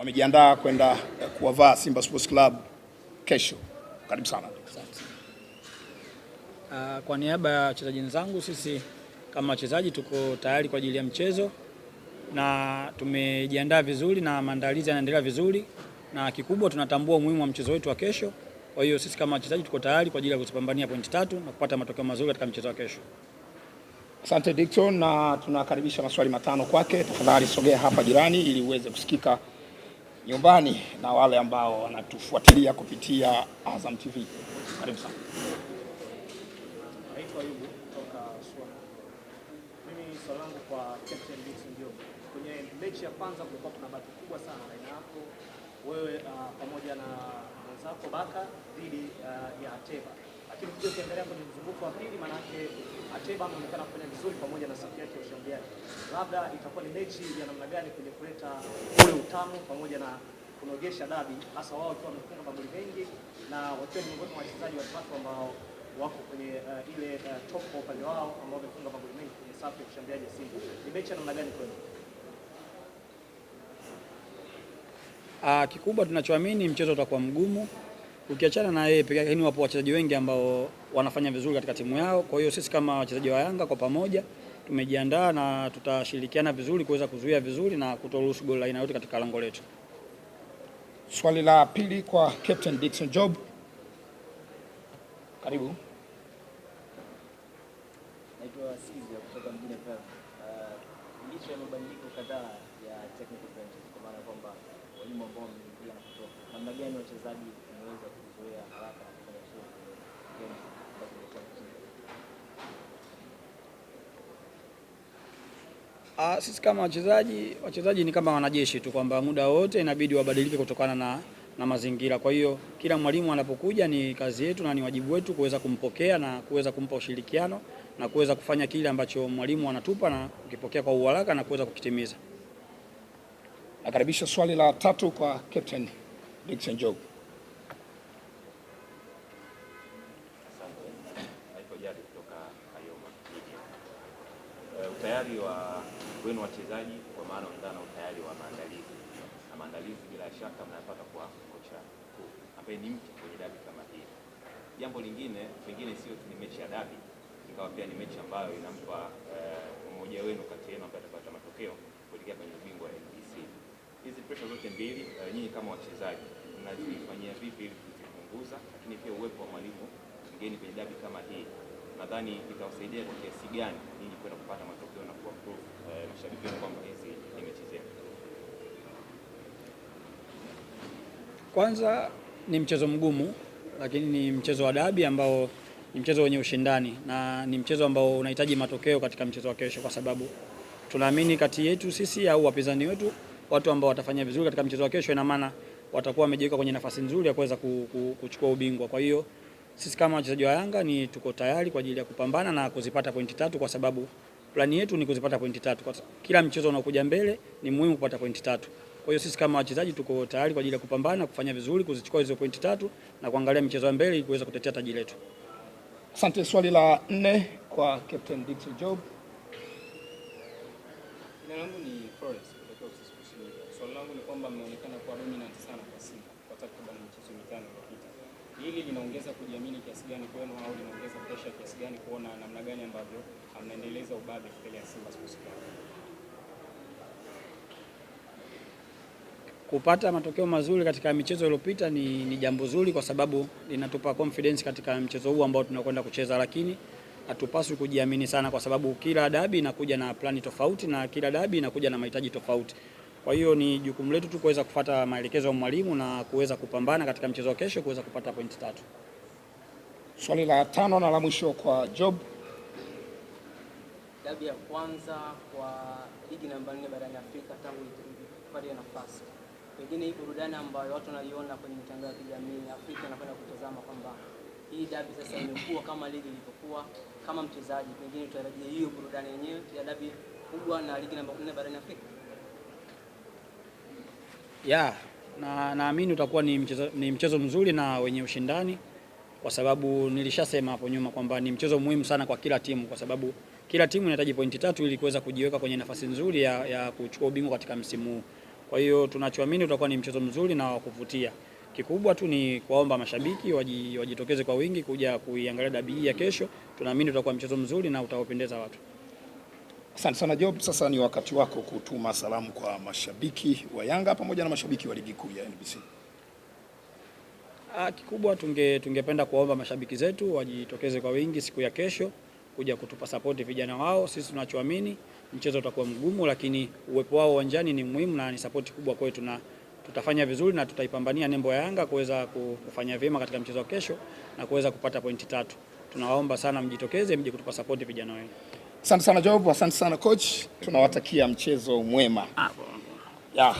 wamejiandaa kwenda kuwavaa Simba Sports Club kesho. Karibu sana. Uh, kwa niaba ya wachezaji wenzangu, sisi kama wachezaji tuko tayari kwa ajili ya mchezo na tumejiandaa vizuri na maandalizi yanaendelea vizuri, na kikubwa tunatambua umuhimu wa mchezo wetu wa kesho. Kwa hiyo sisi kama wachezaji tuko tayari kwa ajili ya kuzipambania pointi tatu na kupata matokeo mazuri katika mchezo wa kesho. Asante Dickson, na tunakaribisha maswali matano kwake. Tafadhali sogea hapa jirani ili uweze kusikika nyumbani na wale ambao wanatufuatilia kupitia Azam TV. Karibu sana. naitwa kutoka Mimi swali langu kwa Captain Dickson Job. Kwenye mechi ya kwanza kulikuwa kuna bahati kubwa sana baina yako wewe uh, pamoja na mwenzako Baka dhidi uh, ya Ateba lakini pia ukiangalia kwenye mzunguko wa pili, maanake Ateba anaonekana kufanya vizuri pamoja na safu yake ya ushambuliaji. Labda itakuwa ni mechi ya namna gani kwenye kuleta ule utamu pamoja na kunogesha dabi, hasa wao wakiwa wamefunga magoli mengi na wakiwa ni miongoni mwa wachezaji watatu ambao wako kwenye uh, ile uh, top kwa upande wao ambao wamefunga magoli mengi kwenye safu ya ushambuliaji ya Simba. Ni mechi ya namna gani kwenu? Uh, kikubwa tunachoamini mchezo utakuwa mgumu ukiachana na yeye peke yake, ni wapo wachezaji wengi ambao wanafanya vizuri katika timu yao. Kwa hiyo sisi kama wachezaji wa Yanga kwa pamoja tumejiandaa na tutashirikiana vizuri kuweza kuzuia vizuri na kutoruhusu goli aina yote katika lango letu. Swali la pili kwa Captain Dickson Job, karibu. Naitwa Sizi kutoka mjini Pemba licha ya mabadiliko kadhaa ya technical benches, kwa maana kwamba walimu ambao wameingia na kutoka, namna gani wachezaji wameweza kuzoea haraka na kufanya vizuri kwenye Uh, sisi kama wachezaji wachezaji ni kama wanajeshi tu kwamba muda wote inabidi wabadilike kutokana na, na mazingira. Kwa hiyo kila mwalimu anapokuja ni kazi yetu na ni wajibu wetu kuweza kumpokea na kuweza kumpa ushirikiano na kuweza kufanya kile ambacho mwalimu anatupa na kukipokea kwa uharaka na kuweza kukitimiza. Nakaribisha swali la tatu kwa Captain Dickson Job. Utayari wa wenu wachezaji kwa maana na utayari wa maandalizi na maandalizi, bila shaka mnayapata kwa kocha ambaye ni mtu kwenye dabi kama hii. Jambo lingine pengine sio tu ni mechi ya dabi ikawa pia ni mechi ambayo inampa mmoja eh, wenu kati yenu ambaye atapata matokeo kuelekea kwenye ubingwa wa NBC. Hizi pressure zote mbili, eh, nyinyi kama wachezaji mnazifanyia vipi ili kuzipunguza, lakini pia uwepo wa mwalimu mgeni kwenye dabi kama hii nadhani itawasaidia kwa kiasi gani nyinyi kwenda kupata matokeo na kuwa proof eh, mashabiki kwamba hizi ni mechi zenu? Kwanza ni mchezo mgumu, lakini ni mchezo wa dabi ambao ni mchezo wenye ushindani na ni mchezo ambao unahitaji matokeo katika mchezo wa kesho, kwa sababu tunaamini kati yetu sisi au wapinzani wetu, watu ambao watafanya vizuri katika mchezo wa kesho, ina maana watakuwa wamejiweka kwenye nafasi nzuri ya kuweza kuchukua ubingwa. Kwa hiyo sisi kama wachezaji wa Yanga ni tuko tayari kwa ajili ya kupambana na kuzipata pointi tatu, kwa sababu plani yetu ni kuzipata pointi tatu. Kwa kila mchezo unaokuja mbele ni muhimu kupata pointi tatu. Kwa hiyo sisi kama wachezaji tuko tayari kwa ajili ya kupambana, kufanya vizuri, kuzichukua hizo pointi tatu na kuangalia michezo ya mbele ili kuweza kutetea taji letu. Asante. Swali la nne kwa Captain Dickson Job. Jina langu ni Forest kutoka Usisikushinde. Swali langu ni kwamba mmeonekana kwa dominant sana kwa Simba kwa takriban michezo mitano iliyopita. Hili linaongeza kujiamini kiasi gani kwenu au linaongeza pressure kiasi gani kuona namna gani ambavyo mnaendeleza ubabe mbele ya Simba Sports Club? kupata matokeo mazuri katika michezo iliyopita ni, ni jambo zuri kwa sababu linatupa confidence katika mchezo huu ambao tunakwenda kucheza, lakini hatupaswi kujiamini sana kwa sababu kila dabi inakuja na plani tofauti na kila dabi inakuja na mahitaji tofauti. Kwa hiyo ni jukumu letu tu kuweza kufuata maelekezo ya mwalimu na kuweza kupambana katika mchezo wa kesho kuweza kupata pointi tatu. Swali la tano na la mwisho kwa Job. Dabi ya kwanza kwa ligi namba 4 barani Afrika tangu ipate nafasi pengine hii burudani ambayo watu wanaiona kwenye mitandao ya kijamii Afrika anapenda kutazama kwamba hii dabi sasa imekuwa kama ligi ilivyokuwa. Kama mchezaji, pengine tutarajia hiyo burudani yenyewe ya dabi kubwa na ligi namba 4 barani Afrika. Yeah, na naamini utakuwa ni mchezo, ni mchezo mzuri na wenye ushindani kwa sababu nilishasema hapo nyuma kwamba ni mchezo muhimu sana kwa kila timu, kwa sababu kila timu inahitaji pointi tatu ili kuweza kujiweka kwenye nafasi nzuri ya, ya kuchukua ubingwa katika msimu huu. Kwa hiyo tunachoamini utakuwa ni mchezo mzuri na wa kuvutia. Kikubwa tu ni kuwaomba mashabiki wajitokeze kwa wingi kuja kuiangalia dabi hii ya kesho. Tunaamini utakuwa mchezo mzuri na utawapendeza watu. Asante sana Job, sasa ni wakati wako kutuma salamu kwa mashabiki wa Yanga pamoja na mashabiki wa ligi kuu ya NBC. Ah, kikubwa tunge tungependa kuwaomba mashabiki zetu wajitokeze kwa wingi siku ya kesho kuja kutupa sapoti vijana wao. Sisi tunachoamini mchezo utakuwa mgumu, lakini uwepo wao uwanjani ni muhimu na ni sapoti kubwa kwetu, na tutafanya vizuri na tutaipambania nembo ya Yanga kuweza kufanya vyema katika mchezo wa kesho na kuweza kupata pointi tatu. Tunawaomba sana mjitokeze, mje kutupa sapoti vijana wenu. Asante sana Job, asante sana coach, tunawatakia mchezo mwema. Ah,